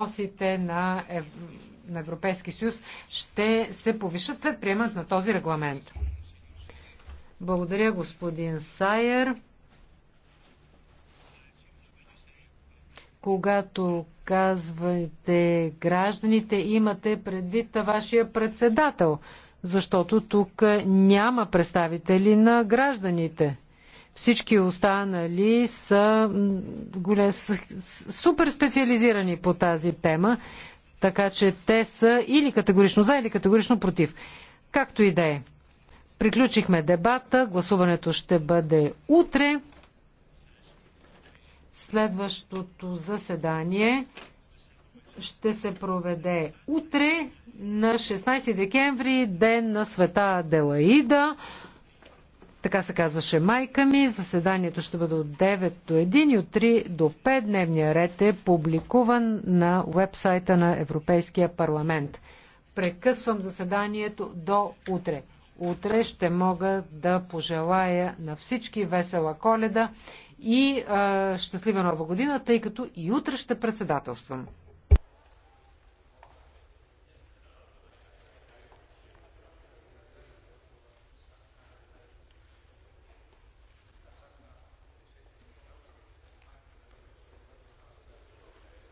въпросите на, Ев... на Европейски съюз ще се повишат след приемат на този регламент. Благодаря, господин Сайер. Когато казвате гражданите, имате предвид вашия председател, защото тук няма представители на гражданите. Всички останали са голем, супер специализирани по тази тема, така че те са или категорично за, или категорично против. Както и да е. Приключихме дебата. Гласуването ще бъде утре. Следващото заседание ще се проведе утре на 16 декември, ден на света Делаида. Така се казваше майка ми. Заседанието ще бъде от 9 до 1 и от 3 до 5. Дневния ред е публикуван на вебсайта на Европейския парламент. Прекъсвам заседанието до утре. Утре ще мога да пожелая на всички весела коледа и а, щастлива нова година, тъй като и утре ще председателствам.